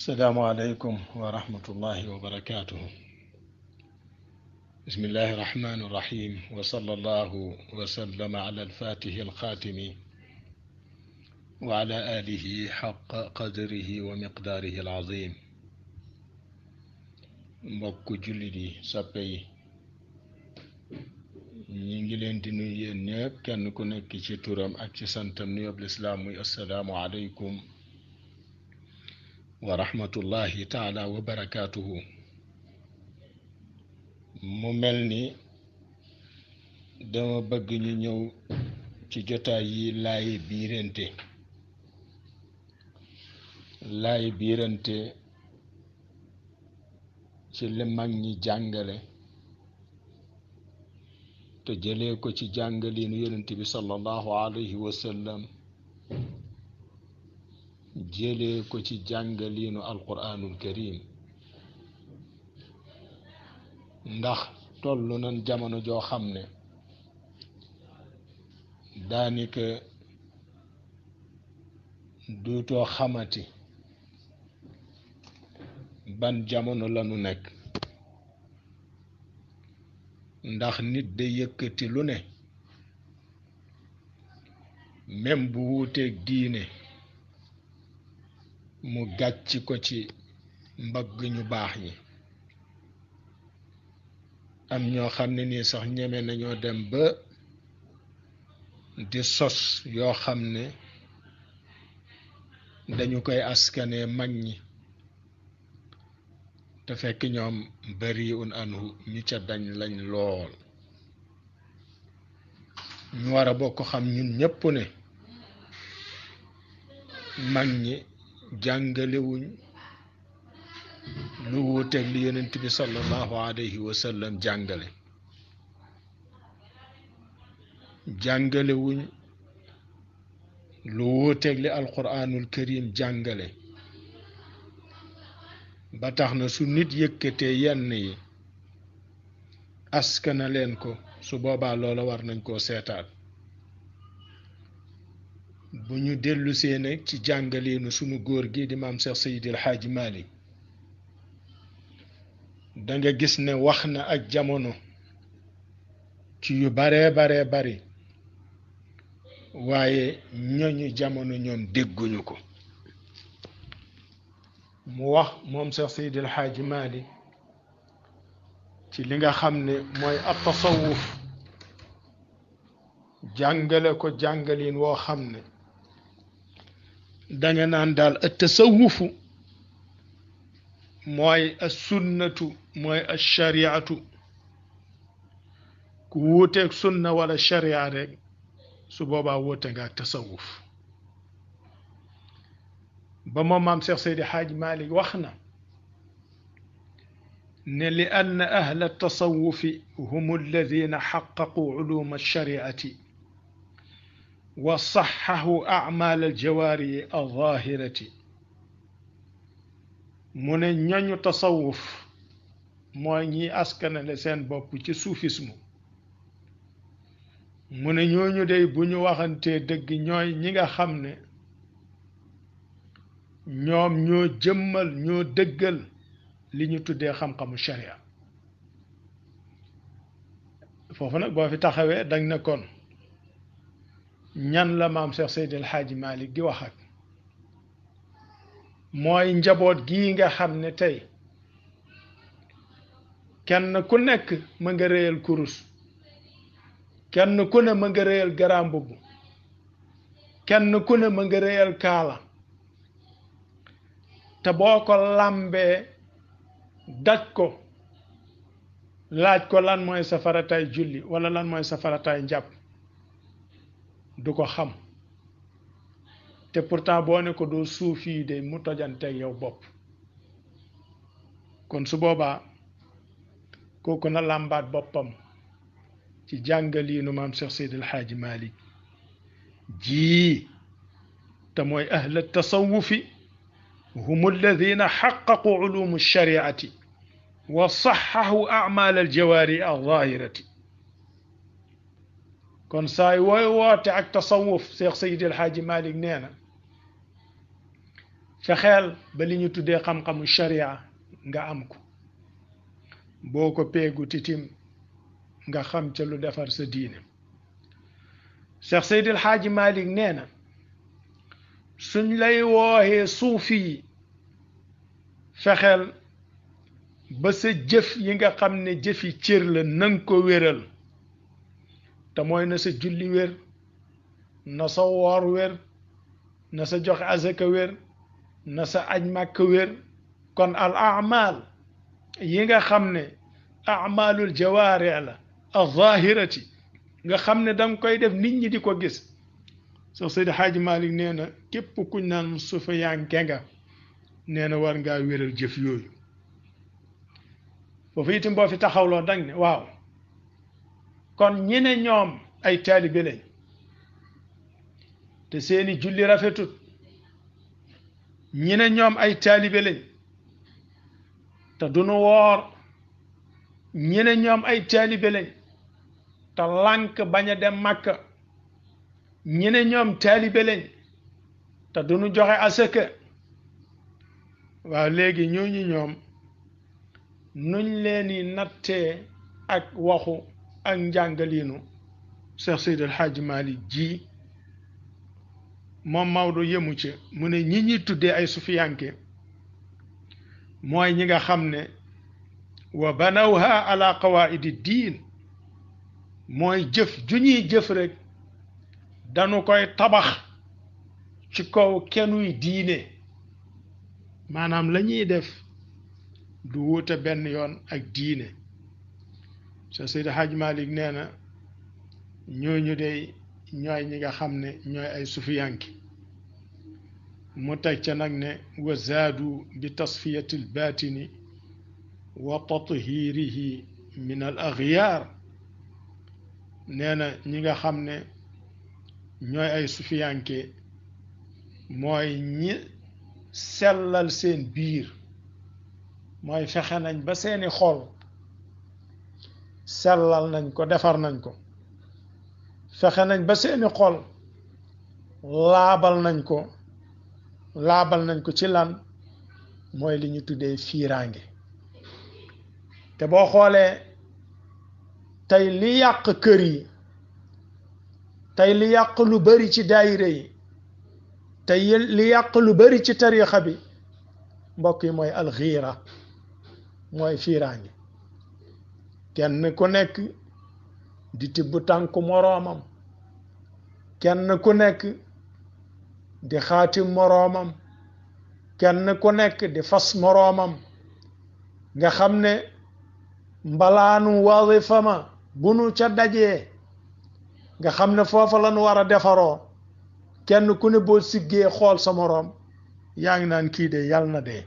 asalaamualeykum wa rahmatullahi wa barakaatuhu bismillahi irrahmani irrahim wa sala allahu wa sallama ala alfatihi alxaatimi wa ala aalihi xaqa qadrihi wa miqdaarihi alazim mbokk jullit yi sappe yi ñi ngi leen di nuyu yéen ñëpp kenn ku nekk ci turam ak ci santam nuyoob lislaam muy asalaamualeykum wa rahmatullahi taala mu mel ni dama bëgg ñu ñëw ci jotaay yi laayi biirante laayi biirante ci li ñi jàngale te jëlee ko ci jàngaliinu yonent bi sallallahu alayhi wa sallam jëlee ko ci jàngaliinu alquraanul karim ndax toll nañ jamono joo xam ne daanaka duutoo xamati ban jamono lanu nekk ndax nit day yëkkati lu ne même bu wuuteeg diine mu gàcc ko ci mbagg ñu baax ñi am ñoo xam ne nii sax ñeme nañoo dem ba di sos yoo xam ne dañu koy askanee mag ñi te fekk ñoom bari un anhu ñu ca dañ lañ lool ñu war bokk xam ñun ñépp ne mag ñi jàngalewuñ lu wuuteeg li yonent bi sallallahu alayhi wa jàngale jàngalewuñ lu wuuteeg li alquranul karim jàngale ba tax na su nit yëkkatee yenn yi askana leen ko su boobaa loola war nañ koo seetaat bu ñu dellusee nag ci jàngaleenu sunu góor gi di maam Cheikh Seydil xaaji Malick danga gis ne wax na ak jamono ci yu baree baree bari waaye ñooñu jamono ñoom dégguñu ko mu wax moom Cheikh Seydil Hadji Malick ci li nga xam ne mooy ab tasawuf jàngale ko jàngalin woo xam ne danga naan daal a tasawufu mooy a sunnatu mooy a shariatu ku wuuteeg sunna wala sharia rek su boobaa wuute nga ak tasawuf ba moom maam Cheikh Seydi Hadj Malick wax na ne li ann ahla tasawufi hum alladina xaqaqu culuma alshariati wa saxahu amal aljawaari alzahirati mu ne ñoñu tasawuf mooy ñiy askanale seen bopp ci soufisme mu ne ñooñu dey bu ñu waxantee dëgg ñooy ñi nga xam ne ñoom ñoo jëmmal ñoo dëggal li ñu tuddee xam-xamu sharia foofu nag boo fi taxawee dañ na kon ñan la maam Cheikh Seydi El Hadji di wax mooy njaboot gii nga xam ne tey kenn ku nekk ma kurus kenn ku ne ma nga réyal kenn ku ne ma kaala te boo ko làmbee daj ko laaj ko lan mooy safaratay julli wala lan mooy safaratay njàpp du ko xam te pourtant boo ne ko doo suufi de mu tojanteeg yow bopp kon su boobaa kooku na làmbaat boppam ci jàngaliinu maam Cheikh Seydil Xaaji Malik jii te mooy ahla tasawufi hum alladina xaqaqu culumu alshariati wa saxaxu acmaal aljawaari alzahirati kon saay wooy woote ak tasawuf Cheikh Seydi El Hadji Malick nee na fexeel ba li ñu tuddee xam-xamu sharia nga am ko boo ko peegu titim nga xam ca lu defar sa diine Cheikh Seydi El Hadji Malick nee na suñ lay wooxee suufi yi fexeel ba sa jëf yi nga xam ne jëfi cër la nang ko wéral te mooy na sa julli wér na sa woor wér na sa joxe azaka wér na sa aj màkk wér kon al amal yi nga xam ne amalul jawaare la al zahirati nga xam ne dang koy def nit ñi di ko gis soo Seydi Xaaji Malik nee na képp kuñ naan sufiyanke nga nee na war ngaa wéral jëf yooyu foofu itam boo fi taxawloo dang ne waaw kon ñene ñoom ay taalibe lañ te seeni julli rafetut ñene ñoom ay taalibe lañ te duñu woor ñene ñoom ay taalibe lañ te lànk bañ a dem màkka ñene ñoom taalibe lañ te duñu joxe asaka waaw léegi ñooñu ñoom nuñ leen di nattee ak waxu ak njàngaliinu Cheikh Seydi El Hadji Malick ji moom Maodo yemu ci mu ne ñi ñuy tuddee ay sufiyanke mooy ñi nga xam ne wa banawha ala qawaidi diin mooy jëf ju ñuy jëf rek dañu koy tabax ci kaw kenuy diine maanaam la ñuy def du wuute benn yoon ak diine Cheikh Seydi Hadj Malick nee na ñooñu dey ñooy ñi nga xam ne ñooy ay sufiyanki mu teg ca nag ne wa zaadu bi tasfiyati albatini wa tathirihi min al aghyar nee na ñi nga xam ne ñooy ay sufiyanke mooy ñi sellal seen biir mooy fexe nañ ba seeni xol sellal nañ ko defar nañ ko fexe nañ ba seeni xol laabal nañ ko laabal nañ ko ci lan mooy li ñu tuddee fiiraange te boo xoolee tey li yàq kër yi tey li yàq lu bari ci daayira yi tey li yàq lu bari ci tariixa bi mbokk yi mooy alxiira mooy fiiraange kenn ku nekk di tibb tànku moroomam kenn ku nekk di xaatim moroomam kenn ku nekk di fas moroomam nga xam ne mbalaanu wazifa ma bu nu ca dajee nga xam ne foofa lan war a defaroo kenn ku ne boo siggee xool sa moroom yaa ngi naan kii de yàlla na dee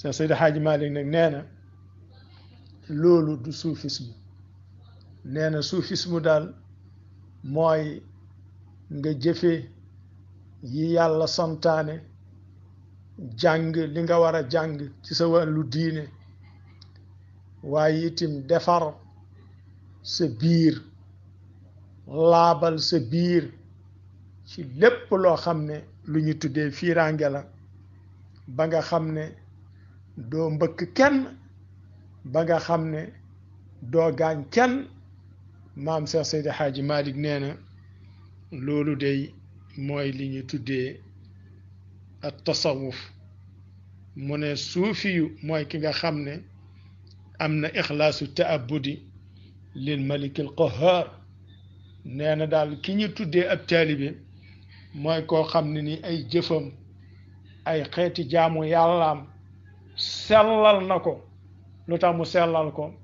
sa Seydi Haaji Maalik nag nee na loolu du soufisme nee na soufisme daal mooy nga jëfe yi yàlla santaane jàng li nga war a jàng ci sa wàllu diine waaye itim defar sa biir laabal sa biir ci lépp loo xam ne lu ñu tuddee fiiraange la ba nga xam ne doo mbëkk kenn ba nga xam ne doo gaañ maam Cheikh Seydi Hadji Malick nee na loolu day mooy li tuddee ak tasawuf mu ne suufiyu mooy ki nga xam ne am na ixlaasu taabudi lil malikil qahar nee na daal ki ñu tuddee ab taalibe mooy ko xam ne ni ay jëfam ay xeeti jaamu yàllaam sellal na ko lu tax mu sellal ko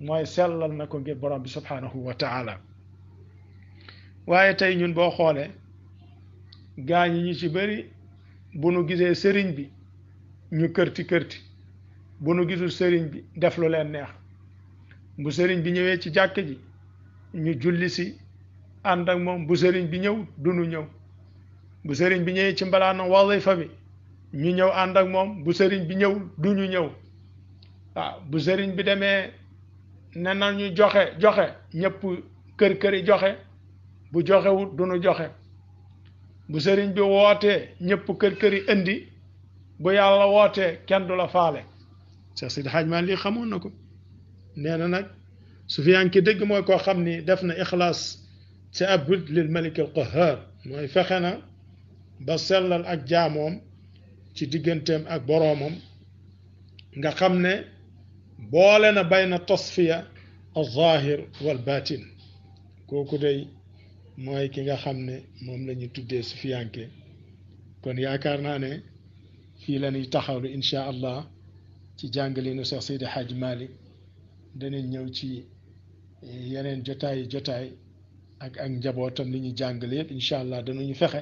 mooy sellal na ko ngir borom bi subhaanahu wa waaye tey ñun boo xoolee gaa ñi ñu ci bëri bu nu gisee sëriñ bi ñu kërti kërti bu nu gisul sëriñ bi def lu leen neex bu sëriñ bi ñëwee ci jàkk ji ñu julli si ànd ak moom bu sëriñ bi ñëw dunu ñëw bu sëriñ bi ñëwee ci mbalaanam wazifa bi ñu ñëw ànd ak moom bu sëriñ bi ñëw ñëw waaw bu sëriñ bi demee ne nañu joxe joxe ñépp kër këri joxe bu joxewut du joxe bu sëriñ bi wootee ñépp kër këri indi bu yàlla wootee kenn du la faale Cheikh Sidi Hadj Malick lii xamoon na ko nee na nag su fi ki dëgg mooy koo xam ni def na ixlaas ci ab wut lil malik al qahar mooy fexe na ba sellal ak jaamoom ci digganteem ak boroomam nga xam ne boole na bayna tasfiya al zahir wal batin kooku day mooy ki nga xam ne moom la ñu tuddee sufiyanke kon yaakaar naa ne fii la ñuy taxawlu incha allah ci jàngalinu Cheikh Seydi Hadj Malick danañ ñëw ci eh, yeneen jotaay jotaay ak ak njabootam li ñu jàngale yëpp incha allah danañu fexe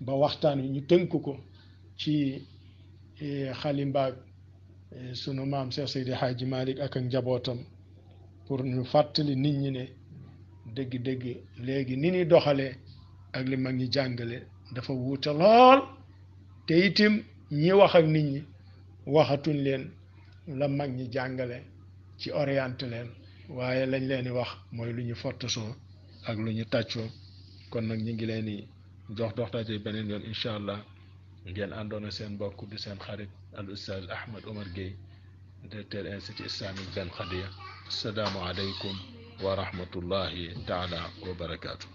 ba waxtaan wi ñu tënk ko ci eh, xalimbaag Eh, sunu maam Cheikh Seydi Hadji Malick ak ak njabootam pour ñu fàttali nit ñi ne dëgg-dëgg léegi ni ñuy doxalee ak li mag ñi jàngale dafa wuute lool te itim ñi wax ak nit ñi waxatuñ leen la mag ñi jàngale ci orienté leen waaye lañ leen di wax mooy lu ñu fottasoo ak lu ñu tàccoo kon nag ñu ngi leen di jox dox daje beneen yoon incha allah. ngeen àndoona seen mbokk di seen xarit al ustaz Ahmed Omar Gueye directeur institut islamique Ben Khadija asalaamu aleykum wa rahmatullahi taala wa barakaatu.